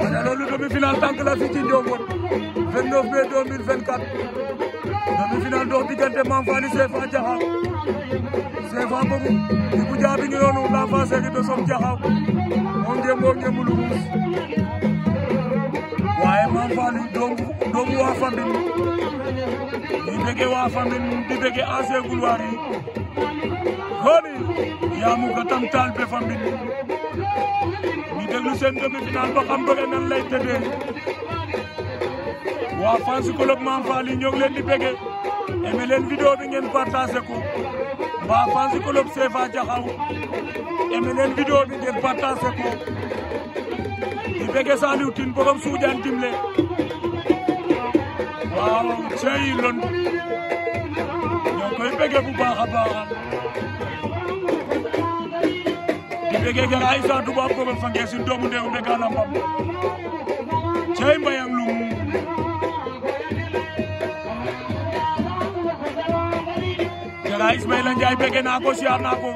waaye loolu demi-finale tànk la fi ci Ndiobone 29 mai 2024 demi-finale dox diggante Mame Fally CFA Diakhao CFA boobu Ibou Dia bi ñu noonu la face de Sof Diakhao moom ngeen moo ngeen mu lu ruus waaye Mame Fally doomu doomu waa di bëggee waa Famine di bëggee ancien couloir yi xooli yaa mu ko tam taal be Famine ñu déglu seen demi-finale ba xam bëgg nan lay tëddee waa fans club Mame Fall yi ñoo ngi leen di bëggee aimé leen vidéo bi ngeen partagé ko waa fans club CFA Diakhao aimé leen vidéo bi ngeen partagé ko di bëggee Saliou Tine borom Soudiane Dimle cey lon ñoo koy bëgg bu baax a baax di bëgg gara ay sa duba ko fa ngeen doomu ndeew de gala mbam cey mbayam lu mu gara Ismaïla Ndiaye naa ko siyaar naa ko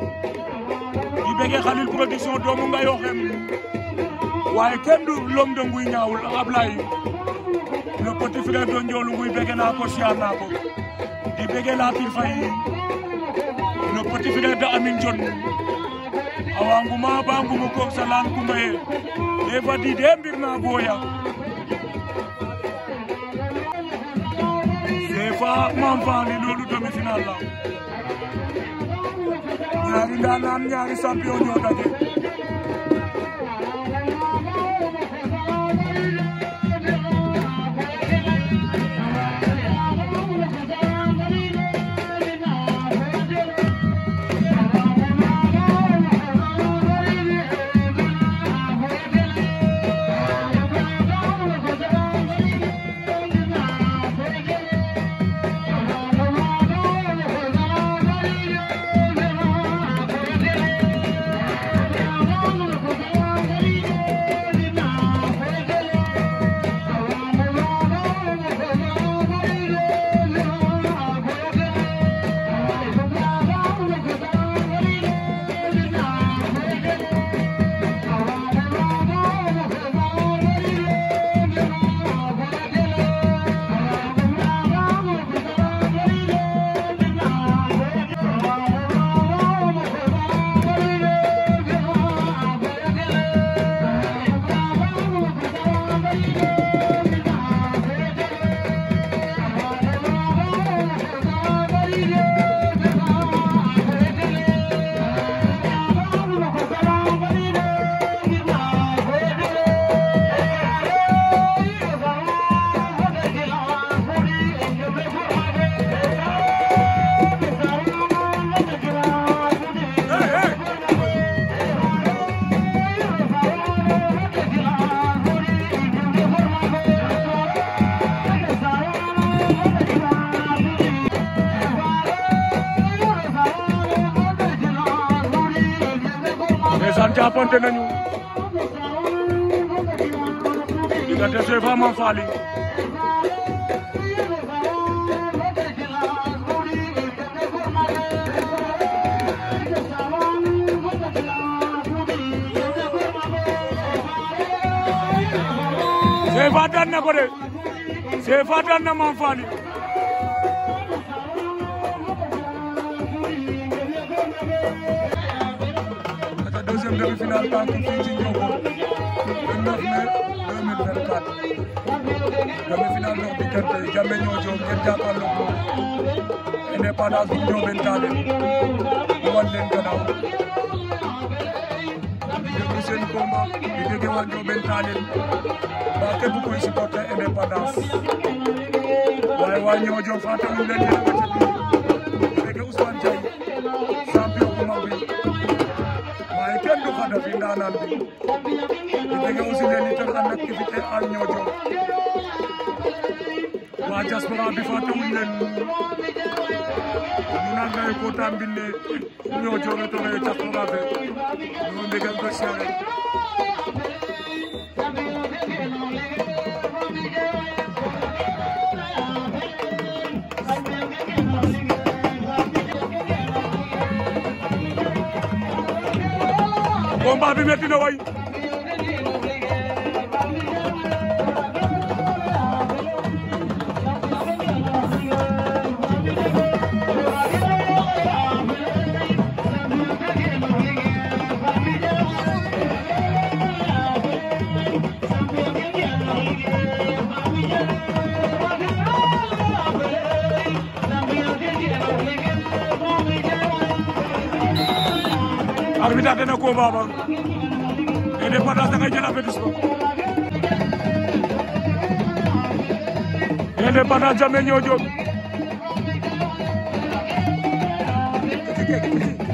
di bëgg Khalil production doomu nga yoo waaye kenn du lom de ñaawul Ablaye petit frère do Ndiolu Nguy bëgg naa ko siyaar naa di bëgg laa kilifa yi le petit frère de Amin Jon awa nguma ba nguma ko sa lan kuma ye e fadi de mbir na goya sefa mam fani lolu demi final la ñaari ndaanaan ñaari champion ñoo daje jàppante nañu diggante Seyfa Mame Faly Seyfa daan na ko de Seyfa daan na Mame deuxième demi-finale tànk fii ci Diogo le 9 mai 2024 demi-finale dox diggante Jammé ñoo jóg ngeen jàkkaarloo ko indépendance bu Ndiobène Tallé mu wan leen gannaaw di déglu seen combat di déglu waa Ndiobène Tallé waa képp kuy supporter indépendance waaye waa ñoo jóg fàttewuñ leen yéen a ko ci biir di déglu Ousmane Diagne champion bu mag bi def yi ndaanaan bi di bëgg aussi leen itam ànd ak invité ak ñoo jox waa diaspora bi fàttewuñ leen mu naan ngay ko tàmbine ñoo jox la tawee diaspora bi ñoo mbégal ba seere combat bi metti na Yeah. bi tax dana combat ba mais Indépendance dangay jël avertissement Indépendance Jammeh ñoo jóg